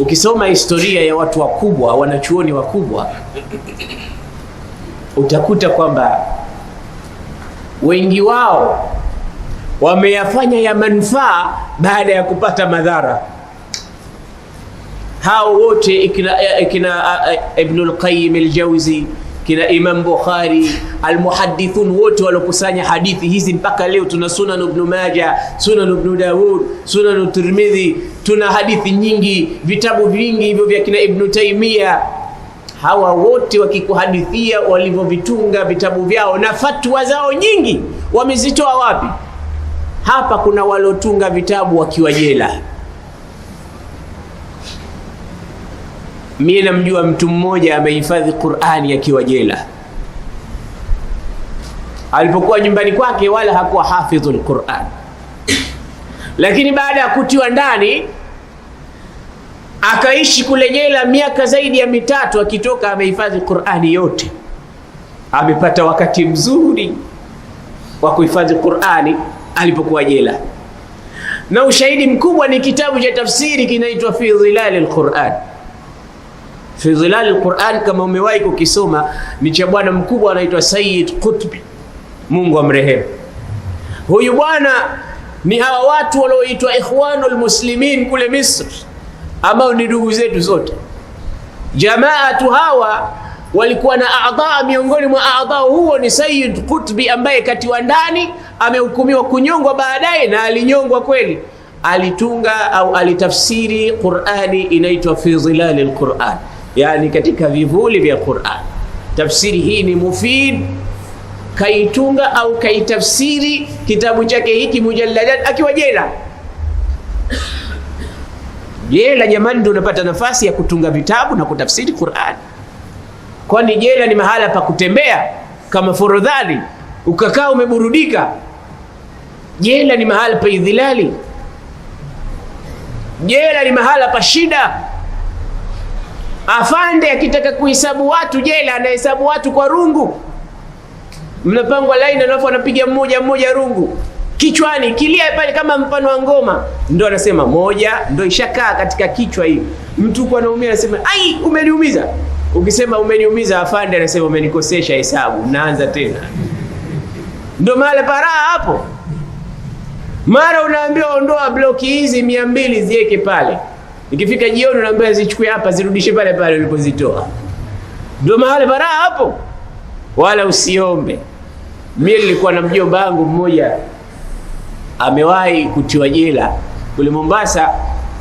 Ukisoma historia ya watu wakubwa, wanachuoni wakubwa, utakuta kwamba wengi wao wameyafanya ya manufaa baada ya kupata madhara. Hao wote ikina eh, eh, Ibnul Qayyim al-Jawzi kina Imam Bukhari, almuhadithun wote waliokusanya hadithi hizi mpaka leo. Tuna Sunan Ibn Majah, Sunan Ibn Daud, Sunan Tirmidhi, tuna hadithi nyingi, vitabu vingi hivyo vya kina Ibn Taymiya. Hawa wote wakikuhadithia walivyovitunga vitabu vyao na fatwa zao nyingi, wamezitoa wapi? Hapa kuna walotunga vitabu wakiwa jela. Mie namjua mtu mmoja amehifadhi Qur'ani akiwa jela. Alipokuwa nyumbani kwake wala hakuwa hafidhul Qur'an, lakini baada ya kutiwa ndani akaishi kule jela miaka zaidi ya mitatu, akitoka amehifadhi Qur'ani yote. Amepata wakati mzuri wa kuhifadhi Qur'ani alipokuwa jela, na ushahidi mkubwa ni kitabu cha tafsiri kinaitwa fi dhilali al Fi Dhilali Lquran, kama umewahi kukisoma, ni cha bwana mkubwa anaitwa Sayyid Qutbi, Mungu amrehemu. Huyu bwana ni hawa watu walioitwa Ikhwanul Muslimin kule Misri, ambao ni ndugu zetu zote. Jamaatu hawa walikuwa na adhaa, miongoni mwa adhaa huo ni Sayyid Qutbi ambaye katiwa ndani, amehukumiwa kunyongwa baadaye, na alinyongwa kweli. Alitunga au alitafsiri Qurani inaitwa Fi Dhilali Lquran yani katika vivuli vya Qur'an. Tafsiri hii ni Mufid kaitunga au kaitafsiri kitabu chake hiki Mujalladat akiwa jela. Jela jamani, ndio unapata nafasi ya kutunga vitabu na kutafsiri Qur'an, kwani jela ni mahala pa kutembea kama forodhani ukakaa umeburudika. Jela ni mahala pa idhilali, jela ni mahala pa shida Afande akitaka kuhesabu watu jela anahesabu watu kwa rungu, mnapangwa laini, alafu anapiga mmoja mmoja rungu kichwani, kilia pale kama mpano wa ngoma, ndo anasema moja, ndo ishakaa katika kichwa hii. Mtu kwa anaumia anasema ai, umeniumiza. Ukisema umeniumiza, afande anasema umenikosesha hesabu, naanza tena. Ndo mahala paraa hapo, mara unaambiwa ondoa bloki hizi mia mbili ziweke pale Ikifika jioni unaambia zichukue hapa zirudishe pale pale ulipozitoa. Ndio mahali bara hapo. Wala usiombe. Mimi nilikuwa na mjomba wangu mmoja amewahi kutiwa jela kule Mombasa.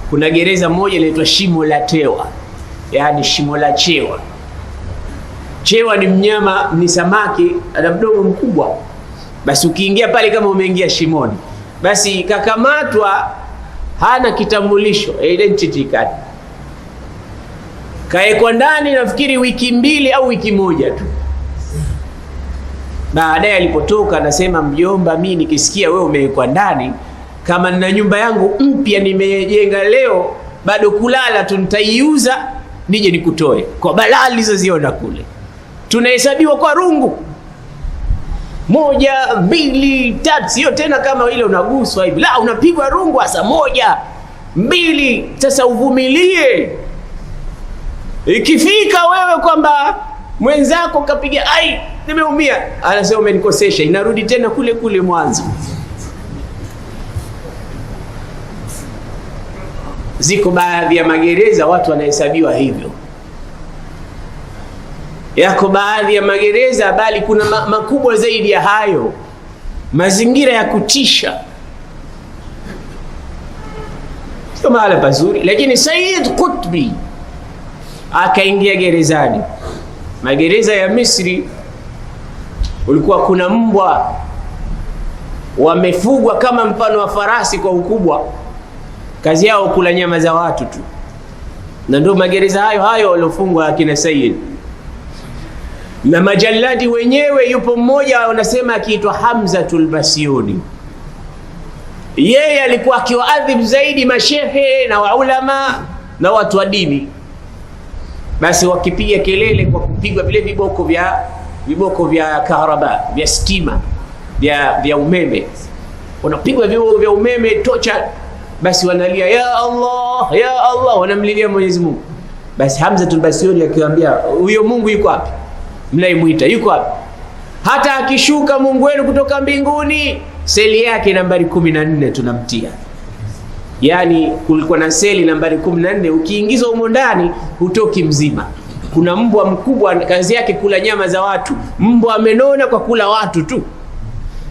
Kuna gereza moja linaitwa Shimo la Tewa, yaani shimo la chewa. Chewa ni mnyama, ni samaki, ana mdomo mkubwa. Basi ukiingia pale kama umeingia shimoni, basi kakamatwa hana kitambulisho identity card, kaekwa ndani nafikiri wiki mbili au wiki moja tu. Baadaye alipotoka anasema, mjomba, mi nikisikia wewe umewekwa ndani, kama nina nyumba yangu mpya nimejenga leo bado kulala tu, nitaiuza nije nikutoe kwa balaa nilizoziona kule, tunahesabiwa kwa rungu moja mbili tatu, sio tena kama ile unaguswa hivi, la, unapigwa rungu hasa, moja mbili. Sasa uvumilie, ikifika wewe kwamba mwenzako kapiga, ai, nimeumia, anasema umenikosesha, inarudi tena kule kule mwanzo. Ziko baadhi ya magereza watu wanahesabiwa hivyo yako baadhi ya magereza, bali kuna makubwa zaidi ya hayo, mazingira ya kutisha, sio mahala pazuri. Lakini Sayyid Qutbi akaingia gerezani. Magereza ya Misri ulikuwa kuna mbwa wamefugwa kama mfano wa farasi kwa ukubwa, kazi yao kula nyama za watu tu, na ndio magereza hayo hayo waliofungwa akina Sayyid na majalladi wenyewe, yupo mmoja wanasema akiitwa Hamzatul Basiuni, yeye alikuwa akiwaadhibu zaidi mashehe na waulama na watu wa dini. Basi wakipiga kelele kwa kupigwa vile viboko vya viboko vya karaba vya stima vya vya umeme, wanapigwa viboko vya umeme tocha, basi wanalia ya Allah ya Allah, wanamlilia Mwenyezi Mungu. Basi Hamzatul Basiuni akiwaambia, huyo Mungu yuko wapi? mnaimwita yuko wapi? Hata akishuka Mungu wenu kutoka mbinguni, seli yake nambari kumi na nne tunamtia. Yaani kulikuwa na seli nambari kumi na nne ukiingiza humo ndani hutoki mzima. Kuna mbwa mkubwa, kazi yake kula nyama za watu. Mbwa amenona kwa kula watu tu.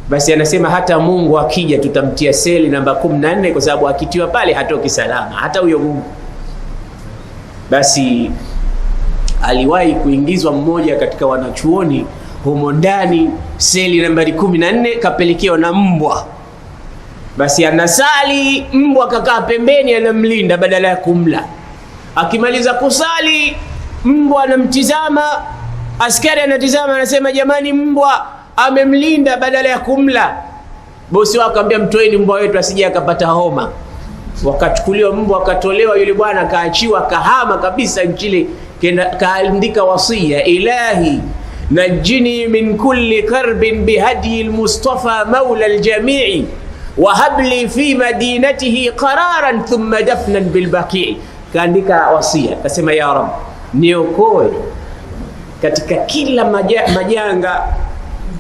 Basi anasema hata Mungu akija tutamtia seli namba kumi na nne kwa sababu akitiwa pale hatoki salama, hata huyo Mungu. Basi aliwahi kuingizwa mmoja katika wanachuoni humo ndani, seli nambari 14 kapelekewa na mbwa. Basi anasali, mbwa kakaa pembeni, anamlinda badala ya kumla. Akimaliza kusali, mbwa anamtizama, askari anatizama, anasema jamani, mbwa amemlinda badala ya kumla. Bosi wao akamwambia mtoeni mbwa wetu asije akapata homa. Wakachukuliwa mbwa, akatolewa yule bwana, akaachiwa, akahama kabisa nchile kaandika wasia, ilahi najjini min kulli karbin bihadyi lmustafa maula aljamii wahab li fi madinatihi qararan thumma dafnan bilbaqii. Kaandika wasia, kasema ya Rab, niokoe katika kila maja, majanga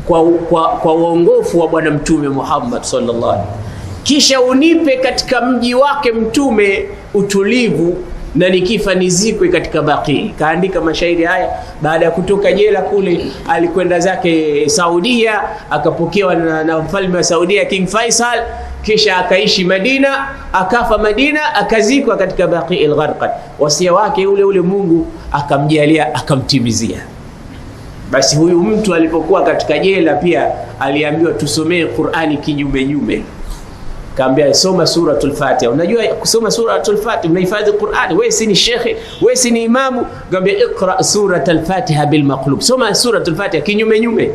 kwa, kwa, kwa uongofu wa Bwana Mtume Muhammad sallallahu alaihi wasallam, kisha unipe katika mji wake mtume utulivu na nikifa nizikwe katika baki. Kaandika mashairi haya baada ya kutoka jela kule, alikwenda zake Saudia, akapokewa na, na mfalme wa Saudia King Faisal, kisha akaishi Madina, akafa Madina, akazikwa katika baki al-Gharqad. Wasia wake ule ule Mungu akamjalia akamtimizia. Basi huyu mtu alipokuwa katika jela pia aliambiwa tusomee Qur'ani kinyume nyume kaambia soma suratul Fatiha. Unajua kusoma suratul Fatiha unahifadhi Qur'ani. Wewe si ni shekhe, wewe si ni imamu, kaambia iqra suratul Fatiha bil maqlub. Soma suratul Fatiha kinyume nyume.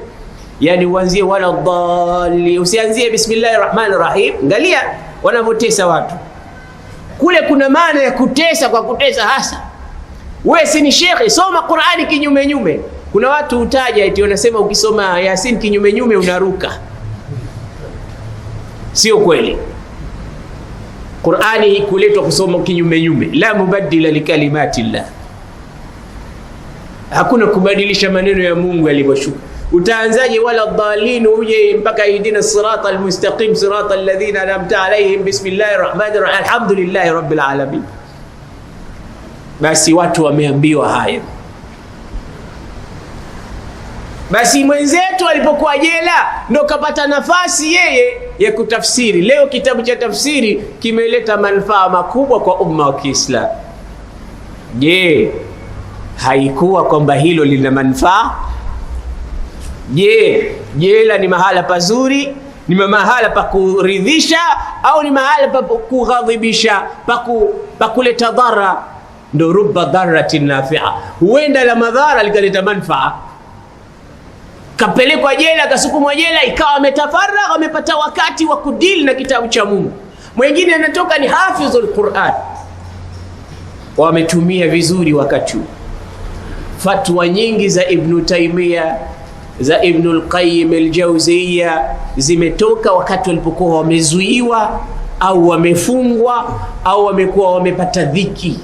Yani uanzie wala dhalli, usianzie bismillahir rahmanir rahim. Angalia wanavyotesa watu kule, kuna maana ya kutesa kwa kutesa hasa. Wewe si ni shekhe, soma Qur'ani kinyume nyume. Kuna watu utaja eti wanasema ukisoma Yasin kinyume nyume unaruka. Sio kweli. Qur'ani hii kuletwa kinyume kinyumenyume, la mubaddila likalimati llah, hakuna kubadilisha maneno ya Mungu yalivyoshuka. Utaanzaje wala dhalin uje mpaka ihdina sirata almustaqim sirata alladhina an'amta alaihim bismillahi rahmani rahim alhamdulillahi rabbil alamin. Basi watu wameambiwa hayo Basi mwenzetu alipokuwa jela ndo kapata nafasi yeye ya kutafsiri. Leo kitabu cha tafsiri kimeleta manufaa makubwa kwa umma wa Kiislamu. Je, haikuwa kwamba hilo lina manufaa? Je, jela ni mahala pazuri? Ni mahala pa kuridhisha au ni mahala pa kughadhibisha, pa kuleta dhara? Ndo rubba dharatin nafia, huenda la madhara likaleta manfaa kapelekwa jela, kasukumwa jela, ikawa ametafarra wamepata wakati wa kudili na kitabu cha Mungu. Mwingine anatoka ni hafidhul Qur'an, wametumia vizuri wakati huu. Fatwa nyingi za Ibnu Taimia za Ibnul Qayyim al zimetoka wakati walipokuwa wamezuiwa au wamefungwa au wamekuwa wamepata dhiki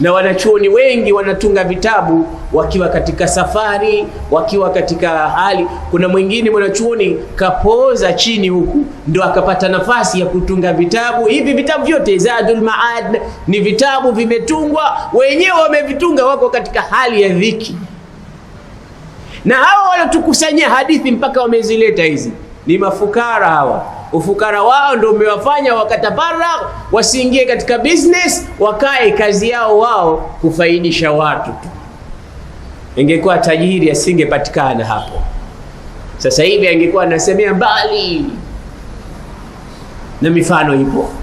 na wanachuoni wengi wanatunga vitabu wakiwa katika safari, wakiwa katika hali. Kuna mwingine mwanachuoni kapoza chini huku ndo akapata nafasi ya kutunga vitabu hivi. Vitabu vyote Zadul Maad ni vitabu vimetungwa, wenyewe wamevitunga, wako katika hali ya dhiki. Na hawa wanatukusanyia hadithi mpaka wamezileta hizi, ni mafukara hawa Ufukara wao ndio umewafanya wakatabara wasiingie katika business, wakae kazi yao wao kufaidisha watu tu. Ingekuwa tajiri asingepatikana hapo, sasa hivi angekuwa anasemea mbali, na mifano ipo.